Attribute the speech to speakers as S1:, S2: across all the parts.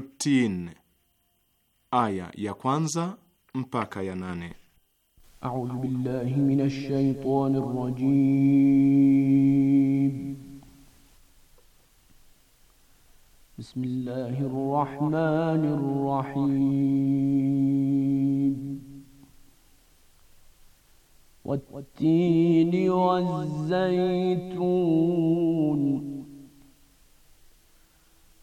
S1: Tin, aya ya kwanza mpaka ya nane.
S2: A'udhu billahi minash shaitani rajim. Bismillahir rahmanir rahim. والتين والزيتون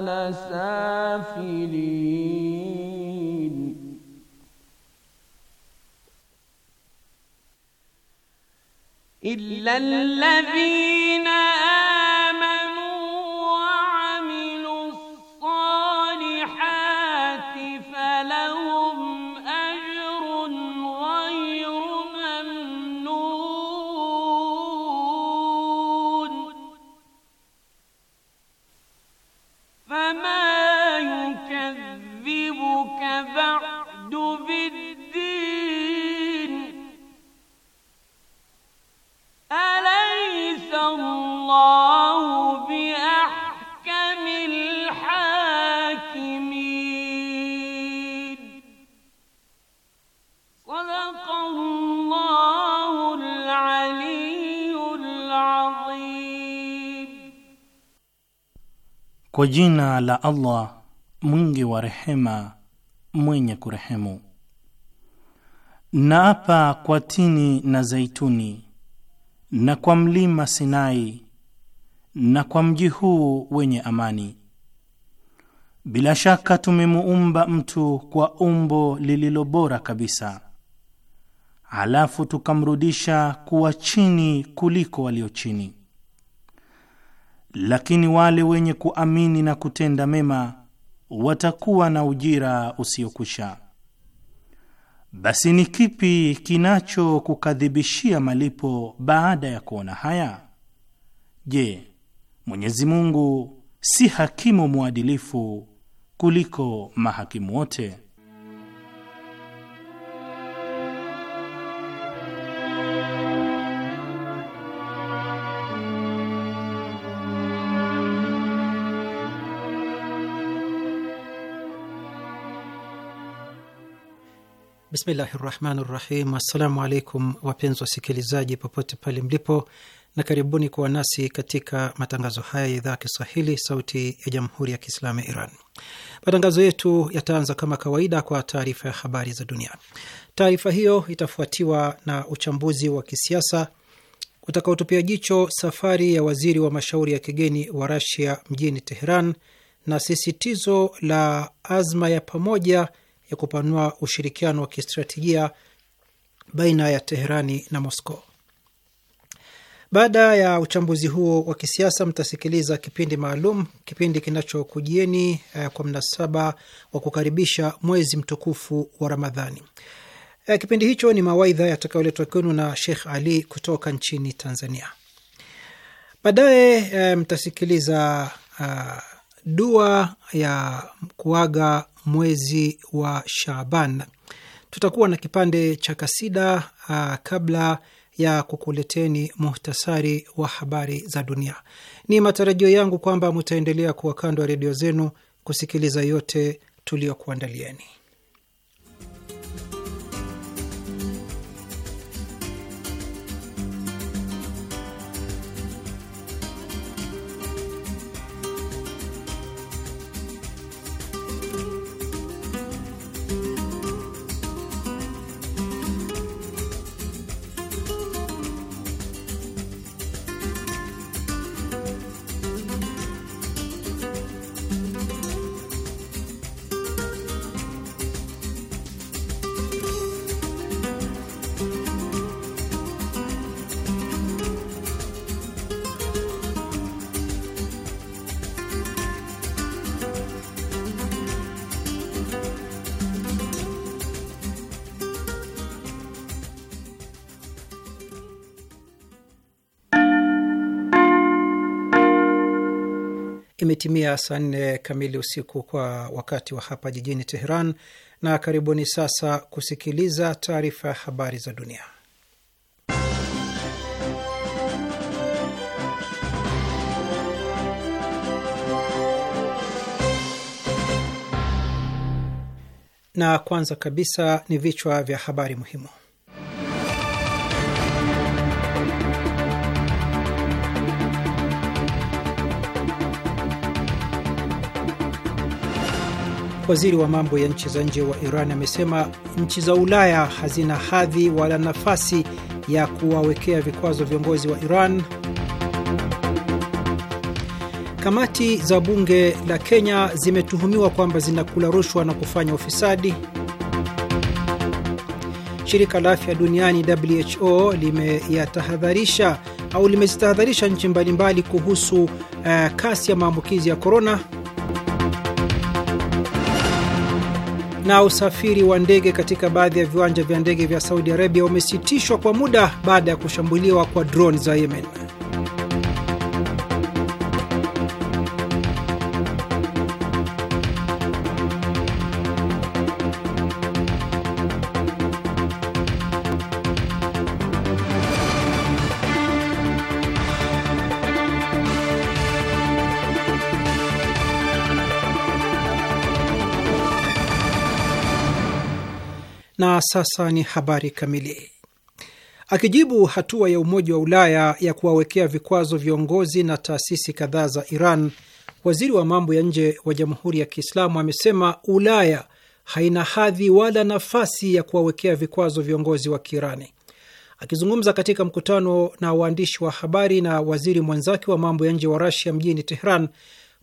S2: لسافلين إلا الذين آمنوا
S3: Kwa jina la Allah mwingi
S1: wa rehema mwenye kurehemu. Naapa kwa tini na zaituni na kwa mlima Sinai na kwa mji huu wenye amani. Bila shaka tumemuumba mtu kwa umbo lililo bora kabisa, halafu tukamrudisha kuwa chini kuliko walio chini. Lakini wale wenye kuamini na kutenda mema watakuwa na ujira usiokwisha. Basi ni kipi kinachokukadhibishia malipo baada ya kuona haya? Je, Mwenyezi Mungu si hakimu mwadilifu kuliko mahakimu wote.
S4: Bismillahi rahmani rahim. Assalamu alaikum wapenzi wasikilizaji popote pale mlipo na karibuni kuwa nasi katika matangazo haya ya idhaa ya Kiswahili, Sauti ya Jamhuri ya Kiislamu ya Iran. Matangazo yetu yataanza kama kawaida kwa taarifa ya habari za dunia. Taarifa hiyo itafuatiwa na uchambuzi wa kisiasa utakaotupia jicho safari ya waziri wa mashauri ya kigeni wa Rasia mjini Teheran na sisitizo la azma ya pamoja ya kupanua ushirikiano wa kistratejia baina ya Teherani na Moscow. Baada ya uchambuzi huo wa kisiasa, mtasikiliza kipindi maalum, kipindi kinachokujieni eh, kwa mnasaba wa kukaribisha mwezi mtukufu wa Ramadhani. Eh, kipindi hicho ni mawaidha yatakayoletwa kwenu na Sheikh Ali kutoka nchini Tanzania. Baadaye eh, mtasikiliza uh, dua ya kuaga mwezi wa Shaaban. Tutakuwa na kipande cha kasida uh, kabla ya kukuleteni muhtasari wa habari za dunia. Ni matarajio yangu kwamba mtaendelea kuwa kando ya redio zenu kusikiliza yote tuliyokuandalieni. Imetimia saa nne kamili usiku kwa wakati wa hapa jijini Teheran, na karibuni sasa kusikiliza taarifa ya habari za dunia. Na kwanza kabisa ni vichwa vya habari muhimu. Waziri wa mambo ya nchi za nje wa Iran amesema nchi za Ulaya hazina hadhi wala nafasi ya kuwawekea vikwazo viongozi wa Iran. Kamati za bunge la Kenya zimetuhumiwa kwamba zinakula rushwa na kufanya ufisadi. Shirika la afya duniani WHO limeyatahadharisha au limezitahadharisha nchi mbalimbali kuhusu uh, kasi ya maambukizi ya korona. Na usafiri wa ndege katika baadhi ya viwanja vya ndege vya Saudi Arabia umesitishwa kwa muda baada ya kushambuliwa kwa drone za Yemen. sasa ni habari kamili. Akijibu hatua ya Umoja wa Ulaya ya kuwawekea vikwazo viongozi na taasisi kadhaa za Iran, waziri wa mambo ya nje wa Jamhuri ya Kiislamu amesema Ulaya haina hadhi wala nafasi ya kuwawekea vikwazo viongozi wa Kiirani. Akizungumza katika mkutano na waandishi wa habari na waziri mwenzake wa mambo ya nje wa Rasia mjini Tehran,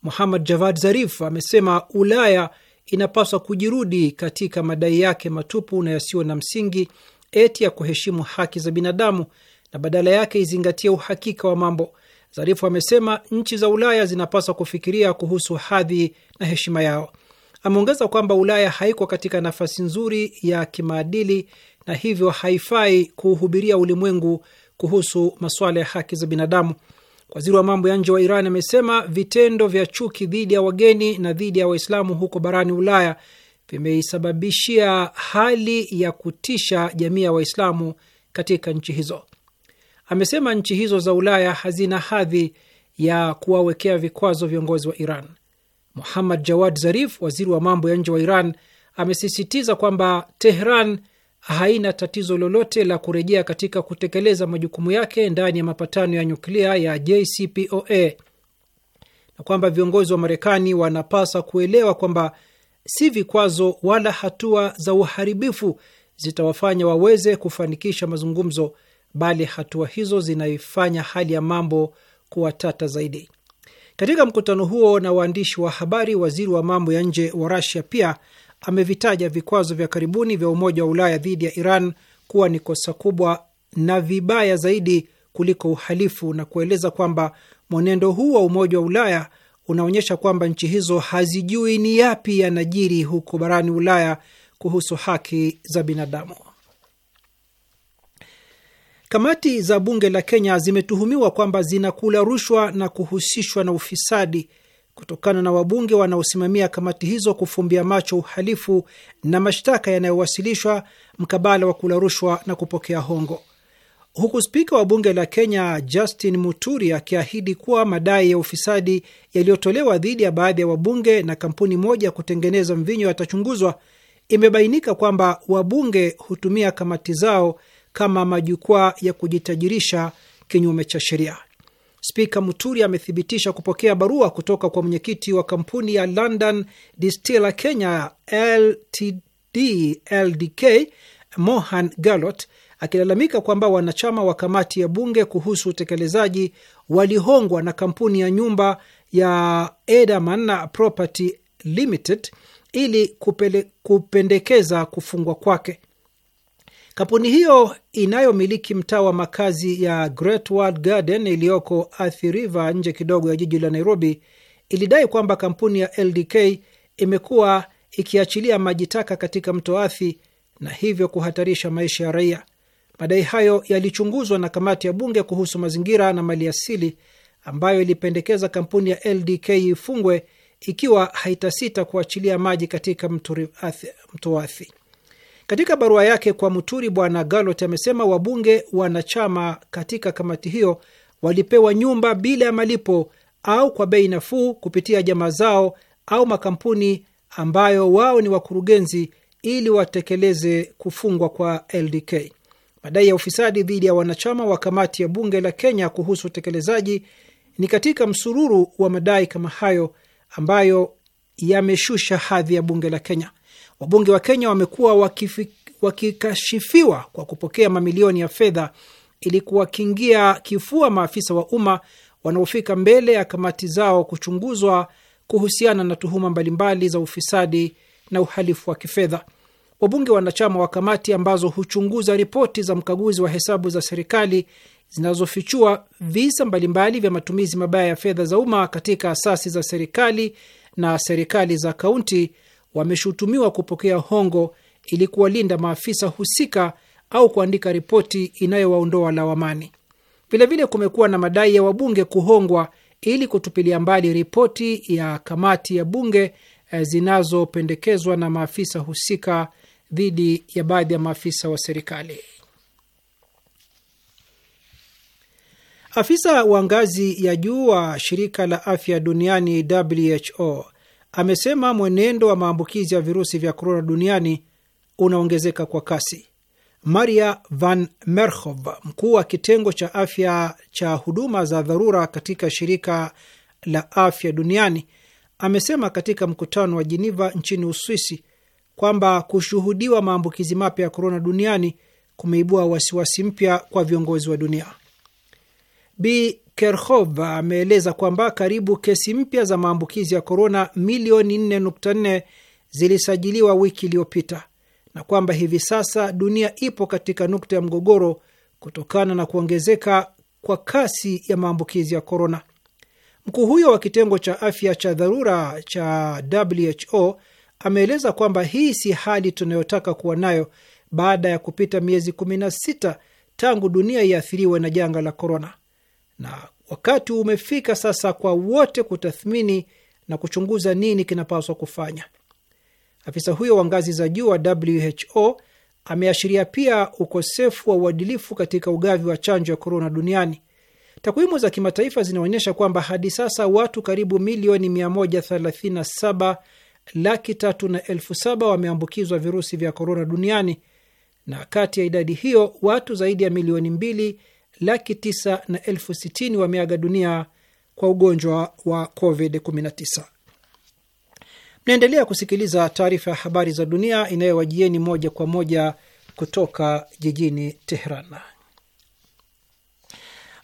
S4: Muhammad Javad Zarif amesema Ulaya inapaswa kujirudi katika madai yake matupu na yasiyo na msingi eti ya kuheshimu haki za binadamu na badala yake izingatie uhakika wa mambo. Zarifu amesema nchi za Ulaya zinapaswa kufikiria kuhusu hadhi na heshima yao. Ameongeza kwamba Ulaya haiko katika nafasi nzuri ya kimaadili na hivyo haifai kuhubiria ulimwengu kuhusu masuala ya haki za binadamu. Waziri wa mambo ya nje wa Iran amesema vitendo vya chuki dhidi ya wageni na dhidi ya Waislamu huko barani Ulaya vimeisababishia hali ya kutisha jamii ya Waislamu katika nchi hizo. Amesema nchi hizo za Ulaya hazina hadhi ya kuwawekea vikwazo viongozi wa Iran. Muhammad Jawad Zarif, waziri wa mambo ya nje wa Iran, amesisitiza kwamba Tehran haina tatizo lolote la kurejea katika kutekeleza majukumu yake ndani ya mapatano ya nyuklia ya JCPOA na kwamba viongozi wa Marekani wanapasa kuelewa kwamba si vikwazo wala hatua za uharibifu zitawafanya waweze kufanikisha mazungumzo, bali hatua hizo zinaifanya hali ya mambo kuwa tata zaidi. Katika mkutano huo na waandishi wa habari, waziri wa mambo ya nje wa Rasia pia amevitaja vikwazo vya karibuni vya Umoja wa Ulaya dhidi ya Iran kuwa ni kosa kubwa na vibaya zaidi kuliko uhalifu na kueleza kwamba mwenendo huu wa Umoja wa Ulaya unaonyesha kwamba nchi hizo hazijui ni yapi yanajiri huko barani Ulaya kuhusu haki za binadamu. Kamati za bunge la Kenya zimetuhumiwa kwamba zinakula rushwa na kuhusishwa na ufisadi kutokana na wabunge wanaosimamia kamati hizo kufumbia macho uhalifu na mashtaka yanayowasilishwa mkabala wa kula rushwa na kupokea hongo, huku spika wa bunge la Kenya Justin Muturi akiahidi kuwa madai ya ufisadi yaliyotolewa dhidi ya baadhi ya wabunge na kampuni moja ya kutengeneza mvinyo yatachunguzwa. Imebainika kwamba wabunge hutumia kamati zao kama majukwaa ya kujitajirisha kinyume cha sheria. Spika Muturi amethibitisha kupokea barua kutoka kwa mwenyekiti wa kampuni ya London Distiller Kenya Ltd LDK Mohan Galot akilalamika kwamba wanachama wa kamati ya bunge kuhusu utekelezaji walihongwa na kampuni ya nyumba ya Edaman Property Limited ili kupele, kupendekeza kufungwa kwake. Kampuni hiyo inayomiliki mtaa wa makazi ya Great World Garden iliyoko Athi River nje kidogo ya jiji la Nairobi ilidai kwamba kampuni ya LDK imekuwa ikiachilia maji taka katika mto Athi na hivyo kuhatarisha maisha ya raia. Madai hayo yalichunguzwa na kamati ya bunge kuhusu mazingira na mali asili ambayo ilipendekeza kampuni ya LDK ifungwe ikiwa haitasita kuachilia maji katika mto Athi. Katika barua yake kwa Muturi, Bwana Galot amesema wabunge wanachama katika kamati hiyo walipewa nyumba bila ya malipo au kwa bei nafuu kupitia jamaa zao au makampuni ambayo wao ni wakurugenzi ili watekeleze kufungwa kwa LDK. Madai ya ufisadi dhidi ya wanachama wa kamati ya bunge la Kenya kuhusu utekelezaji ni katika msururu wa madai kama hayo ambayo yameshusha hadhi ya bunge la Kenya. Wabunge wa Kenya wamekuwa wakikashifiwa kwa kupokea mamilioni ya fedha ili kuwakingia kifua maafisa wa umma wanaofika mbele ya kamati zao kuchunguzwa kuhusiana na tuhuma mbalimbali za ufisadi na uhalifu wa kifedha. Wabunge wanachama wa kamati ambazo huchunguza ripoti za mkaguzi wa hesabu za serikali zinazofichua visa mbalimbali vya matumizi mabaya ya fedha za umma katika asasi za serikali na serikali za kaunti wameshutumiwa kupokea hongo ili kuwalinda maafisa husika au kuandika ripoti inayowaondoa lawamani. Vilevile kumekuwa na madai ya wabunge kuhongwa ili kutupilia mbali ripoti ya kamati ya bunge eh, zinazopendekezwa na maafisa husika dhidi ya baadhi ya maafisa wa serikali. Afisa wa ngazi ya juu wa shirika la afya duniani WHO amesema mwenendo wa maambukizi ya virusi vya korona duniani unaongezeka kwa kasi. Maria Van merhov mkuu wa kitengo cha afya cha huduma za dharura katika shirika la afya duniani, amesema katika mkutano wa Jiniva nchini Uswisi kwamba kushuhudiwa maambukizi mapya ya korona duniani kumeibua wasiwasi mpya kwa viongozi wa dunia. Bi kerhov ameeleza kwamba karibu kesi mpya za maambukizi ya korona milioni 4.4 zilisajiliwa wiki iliyopita na kwamba hivi sasa dunia ipo katika nukta ya mgogoro kutokana na kuongezeka kwa kasi ya maambukizi ya korona. Mkuu huyo wa kitengo cha afya cha dharura cha WHO ameeleza kwamba hii si hali tunayotaka kuwa nayo baada ya kupita miezi 16 tangu dunia iathiriwe na janga la korona na wakati umefika sasa kwa wote kutathmini na kuchunguza nini kinapaswa kufanya. Afisa huyo wa ngazi za juu wa WHO ameashiria pia ukosefu wa uadilifu katika ugavi wa chanjo ya korona duniani. Takwimu za kimataifa zinaonyesha kwamba hadi sasa watu karibu milioni 137 laki tatu na elfu saba wameambukizwa virusi vya korona duniani, na kati ya idadi hiyo watu zaidi ya milioni mbili laki tisa na elfu sitini wameaga dunia kwa ugonjwa wa COVID-19. Mnaendelea kusikiliza taarifa ya habari za dunia inayowajieni moja kwa moja kutoka jijini Tehran.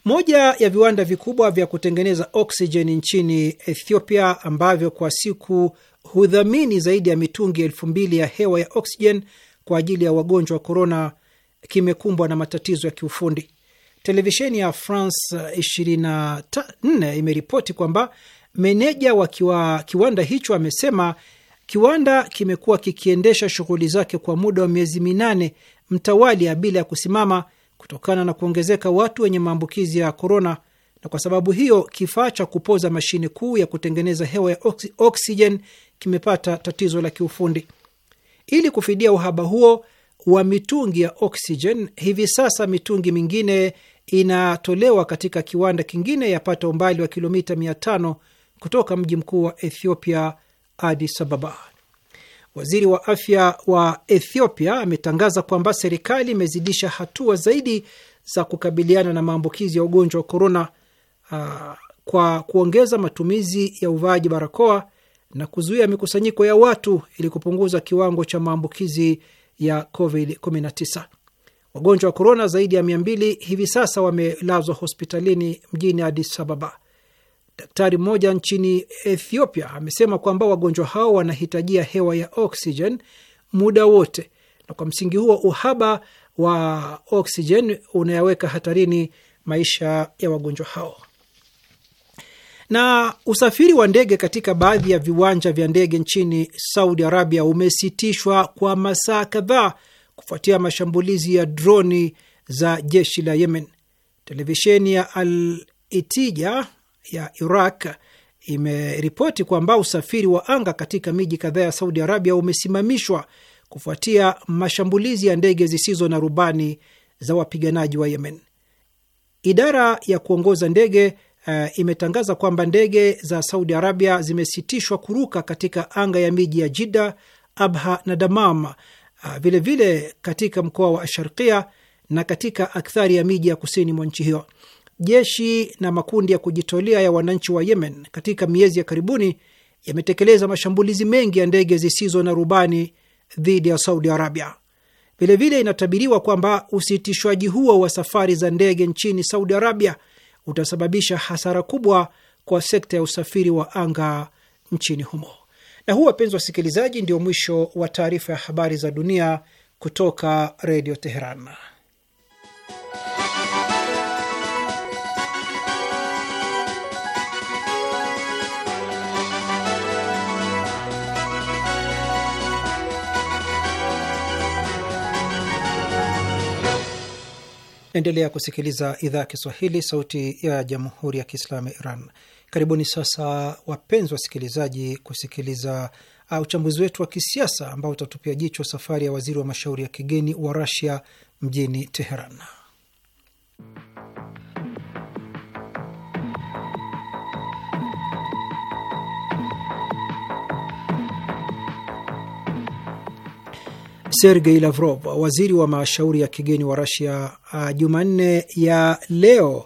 S4: Moja ya viwanda vikubwa vya kutengeneza oksijeni nchini Ethiopia ambavyo kwa siku hudhamini zaidi ya mitungi elfu mbili ya hewa ya oksijeni kwa ajili ya wagonjwa wa korona kimekumbwa na matatizo ya kiufundi televisheni ya France 24 uh, imeripoti kwamba meneja wa kiwa, kiwanda hicho amesema kiwanda kimekuwa kikiendesha shughuli zake kwa muda wa miezi minane mtawalia bila ya kusimama kutokana na kuongezeka watu wenye maambukizi ya korona, na kwa sababu hiyo kifaa cha kupoza mashine kuu ya kutengeneza hewa ya oksijen kimepata tatizo la kiufundi. Ili kufidia uhaba huo wa mitungi ya oksijen, hivi sasa mitungi mingine inatolewa katika kiwanda kingine yapata umbali wa kilomita 500 kutoka mji mkuu wa Ethiopia, Addis Ababa. Waziri wa afya wa Ethiopia ametangaza kwamba serikali imezidisha hatua zaidi za kukabiliana na maambukizi ya ugonjwa wa korona uh, kwa kuongeza matumizi ya uvaaji barakoa na kuzuia mikusanyiko ya watu ili kupunguza kiwango cha maambukizi ya COVID-19. Wagonjwa wa korona zaidi ya mia mbili hivi sasa wamelazwa hospitalini mjini Adis Ababa. Daktari mmoja nchini Ethiopia amesema kwamba wagonjwa hao wanahitajia hewa ya oksijen muda wote, na kwa msingi huo uhaba wa oksijen unayaweka hatarini maisha ya wagonjwa hao. Na usafiri wa ndege katika baadhi ya viwanja vya ndege nchini Saudi Arabia umesitishwa kwa masaa kadhaa kufuatia mashambulizi ya droni za jeshi la Yemen. Televisheni ya Al Itija ya Iraq imeripoti kwamba usafiri wa anga katika miji kadhaa ya Saudi Arabia umesimamishwa kufuatia mashambulizi ya ndege zisizo na rubani za wapiganaji wa Yemen. Idara ya kuongoza ndege uh, imetangaza kwamba ndege za Saudi Arabia zimesitishwa kuruka katika anga ya miji ya Jidda, Abha na Damam vilevile ah, vile katika mkoa wa Asharkia na katika akthari ya miji ya kusini mwa nchi hiyo. Jeshi na makundi ya kujitolea ya wananchi wa Yemen katika miezi ya karibuni yametekeleza mashambulizi mengi ya ndege zisizo na rubani dhidi ya Saudi Arabia. Vilevile inatabiriwa kwamba usitishwaji huo wa safari za ndege nchini Saudi Arabia utasababisha hasara kubwa kwa sekta ya usafiri wa anga nchini humo. Na huu, wapenzi wasikilizaji, ndio mwisho wa taarifa ya habari za dunia kutoka Redio Teheran. endelea kusikiliza idhaa ya Kiswahili, sauti ya jamhuri ya kiislamu ya Iran. Karibuni sasa wapenzi wasikilizaji, kusikiliza uh, uchambuzi wetu wa kisiasa ambao utatupia jicho safari ya waziri wa mashauri ya kigeni wa rasia mjini Teheran. Sergei Lavrov, waziri wa mashauri ya kigeni wa rasia uh, Jumanne ya leo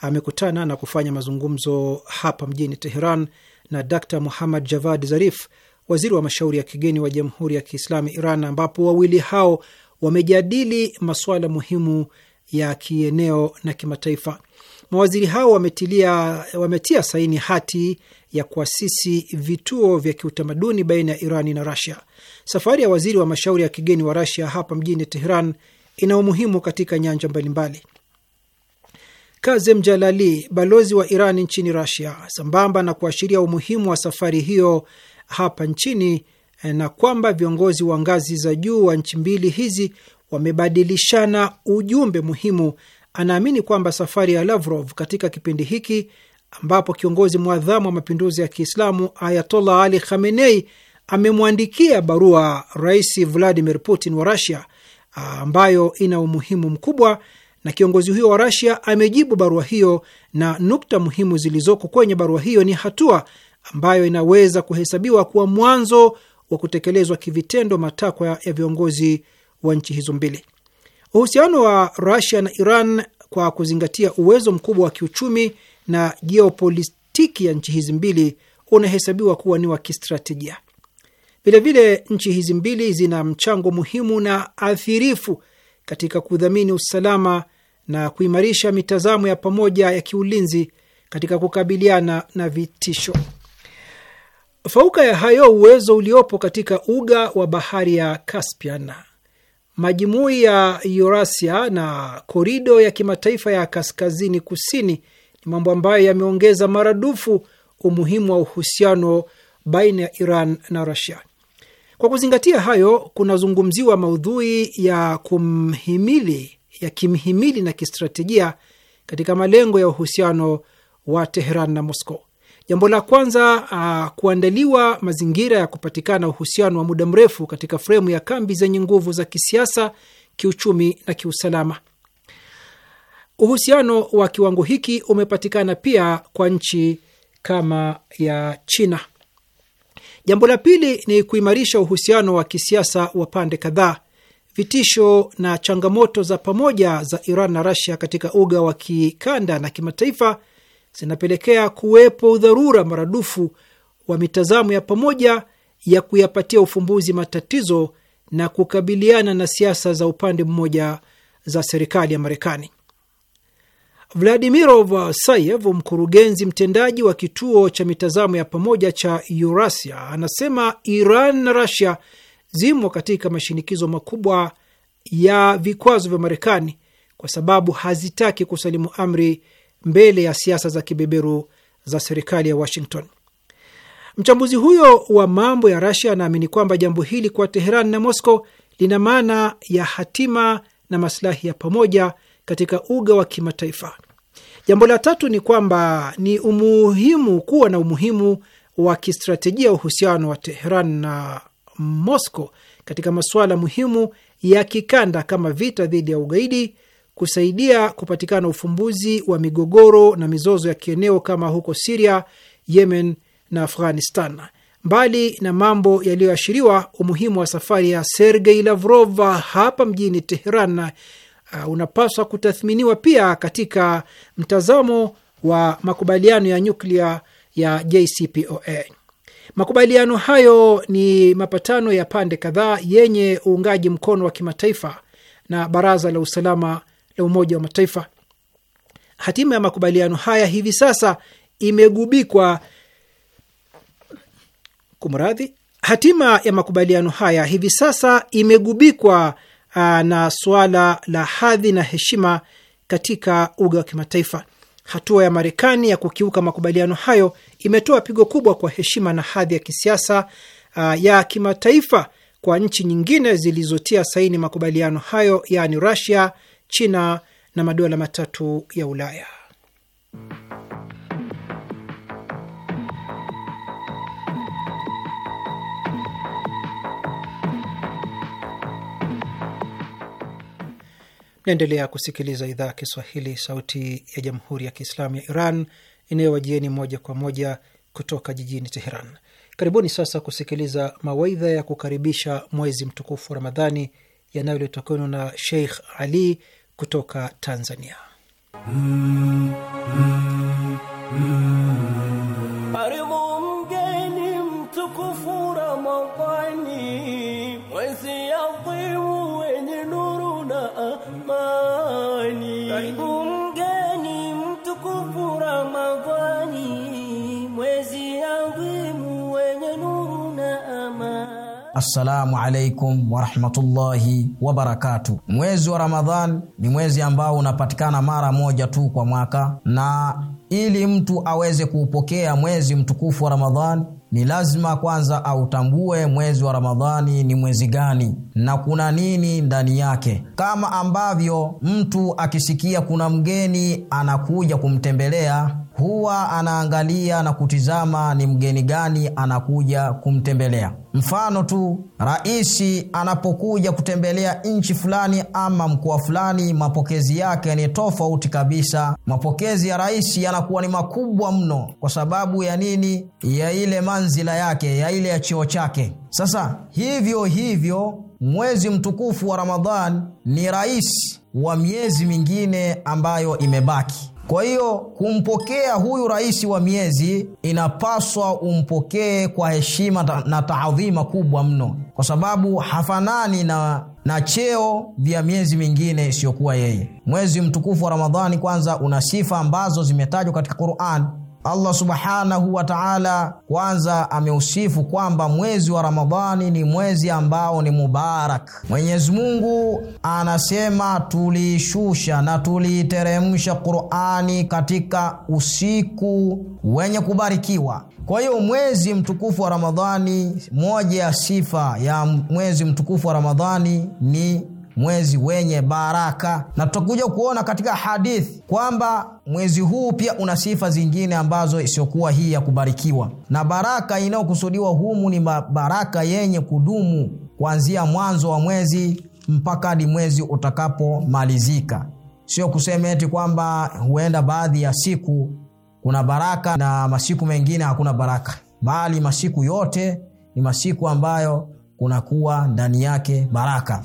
S4: amekutana na kufanya mazungumzo hapa mjini Teheran na Dr Muhammad Javad Zarif, waziri wa mashauri ya kigeni wa Jamhuri ya Kiislamu Iran, ambapo wawili hao wamejadili masuala muhimu ya kieneo na kimataifa. Mawaziri hao wametilia, wametia saini hati ya kuasisi vituo vya kiutamaduni baina ya Irani na Rasia. Safari ya waziri wa mashauri ya kigeni wa Rasia hapa mjini Teheran ina umuhimu katika nyanja mbalimbali mbali. Kazem Jalali, balozi wa Iran nchini rasia sambamba na kuashiria umuhimu wa safari hiyo hapa nchini eh, na kwamba viongozi wa ngazi za juu wa nchi mbili hizi wamebadilishana ujumbe muhimu. Anaamini kwamba safari ya Lavrov katika kipindi hiki ambapo kiongozi mwadhamu wa mapinduzi ya Kiislamu Ayatollah Ali Khamenei amemwandikia barua Rais Vladimir Putin wa rasia ambayo ina umuhimu mkubwa na kiongozi huyo wa Rasia amejibu barua hiyo, na nukta muhimu zilizoko kwenye barua hiyo ni hatua ambayo inaweza kuhesabiwa kuwa mwanzo wa kutekelezwa kivitendo matakwa ya viongozi wa nchi hizo mbili. Uhusiano wa Rasia na Iran kwa kuzingatia uwezo mkubwa wa kiuchumi na jiopolitiki ya nchi hizi mbili unahesabiwa kuwa ni wa kistratejia. Vilevile, nchi hizi mbili zina mchango muhimu na athirifu katika kudhamini usalama na kuimarisha mitazamo ya pamoja ya kiulinzi katika kukabiliana na vitisho. Fauka ya hayo, uwezo uliopo katika uga wa bahari ya Caspian, majimui ya Eurasia na korido ya kimataifa ya kaskazini kusini ni mambo ambayo yameongeza maradufu umuhimu wa uhusiano baina ya Iran na Rusia. Kwa kuzingatia hayo, kunazungumziwa maudhui ya kumhimili ya kimhimili na kistratejia katika malengo ya uhusiano wa Teheran na Moscow. Jambo la kwanza uh, kuandaliwa mazingira ya kupatikana uhusiano wa muda mrefu katika fremu ya kambi zenye nguvu za kisiasa, kiuchumi na kiusalama. Uhusiano wa kiwango hiki umepatikana pia kwa nchi kama ya China. Jambo la pili ni kuimarisha uhusiano wa kisiasa wa pande kadhaa vitisho na changamoto za pamoja za Iran na Rasia katika uga wa kikanda na kimataifa zinapelekea kuwepo udharura maradufu wa mitazamo ya pamoja ya kuyapatia ufumbuzi matatizo na kukabiliana na siasa za upande mmoja za serikali ya Marekani. Vladimirov Sayev, mkurugenzi mtendaji wa kituo cha mitazamo ya pamoja cha Eurasia, anasema Iran na Rasia zimo katika mashinikizo makubwa ya vikwazo vya Marekani kwa sababu hazitaki kusalimu amri mbele ya siasa za kibeberu za serikali ya Washington. Mchambuzi huyo wa mambo ya Rasia anaamini kwamba jambo hili kwa Teheran na Moscow lina maana ya hatima na masilahi ya pamoja katika uga wa kimataifa. Jambo la tatu ni kwamba ni umuhimu kuwa na umuhimu wa kistratejia uhusiano wa Teheran na Moscow katika masuala muhimu ya kikanda kama vita dhidi ya ugaidi, kusaidia kupatikana ufumbuzi wa migogoro na mizozo ya kieneo kama huko Siria, Yemen na Afghanistan. Mbali na mambo yaliyoashiriwa, umuhimu wa safari ya Sergei Lavrov hapa mjini Teheran uh, unapaswa kutathminiwa pia katika mtazamo wa makubaliano ya nyuklia ya JCPOA. Makubaliano hayo ni mapatano ya pande kadhaa yenye uungaji mkono wa kimataifa na Baraza la Usalama la Umoja wa Mataifa. Hatima ya makubaliano haya hivi sasa imegubikwa kumradhi, hatima ya makubaliano haya hivi sasa imegubikwa uh, na suala la hadhi na heshima katika uga wa kimataifa. Hatua ya Marekani ya kukiuka makubaliano hayo imetoa pigo kubwa kwa heshima na hadhi ya kisiasa uh, ya kimataifa kwa nchi nyingine zilizotia saini makubaliano hayo, yaani Rusia, China na madola matatu ya Ulaya. Naendelea kusikiliza idhaa ya Kiswahili, sauti ya jamhuri ya kiislamu ya Iran inayowajieni moja kwa moja kutoka jijini Teheran. Karibuni sasa kusikiliza mawaidha ya kukaribisha mwezi mtukufu wa Ramadhani yanayoletwa kwenu na Sheikh Ali kutoka Tanzania. mm, mm, mm. mm.
S5: amani. Karibu mgeni mtukufu Ramadhani, mwezi adhimu wenye nuru na amani.
S3: Assalamu alaikum warahmatullahi wabarakatu. Mwezi wa ramadhani ni mwezi ambao unapatikana mara moja tu kwa mwaka, na ili mtu aweze kuupokea mwezi mtukufu wa ramadhani ni lazima kwanza autambue mwezi wa Ramadhani ni mwezi gani na kuna nini ndani yake, kama ambavyo mtu akisikia kuna mgeni anakuja kumtembelea huwa anaangalia na kutizama ni mgeni gani anakuja kumtembelea. Mfano tu, rais anapokuja kutembelea nchi fulani ama mkoa fulani, mapokezi yake ni tofauti kabisa. Mapokezi ya rais yanakuwa ni makubwa mno. Kwa sababu ya nini? Ya ile manzila yake, ya ile ya cheo chake. Sasa hivyo hivyo mwezi mtukufu wa Ramadhan ni rais wa miezi mingine ambayo imebaki. Kwa hiyo kumpokea huyu rais wa miezi inapaswa umpokee kwa heshima na taadhima kubwa mno, kwa sababu hafanani na na cheo vya miezi mingine isiyokuwa yeye. Mwezi mtukufu wa Ramadhani kwanza una sifa ambazo zimetajwa katika Qur'an. Allah subhanahu wa ta'ala kwanza ameusifu kwamba mwezi wa Ramadhani ni mwezi ambao ni mubarak. Mwenyezi Mungu anasema tuliishusha na tuliiteremsha Qur'ani katika usiku wenye kubarikiwa. Kwa hiyo mwezi mtukufu wa Ramadhani, moja ya sifa ya mwezi mtukufu wa Ramadhani ni mwezi wenye baraka, na tutakuja kuona katika hadithi kwamba mwezi huu pia una sifa zingine ambazo isiyokuwa hii ya kubarikiwa, na baraka inayokusudiwa humu ni baraka yenye kudumu kuanzia mwanzo wa mwezi mpaka hadi mwezi utakapomalizika. Sio kusema eti kwamba huenda baadhi ya siku kuna baraka na masiku mengine hakuna baraka, bali masiku yote ni masiku ambayo kunakuwa ndani yake baraka.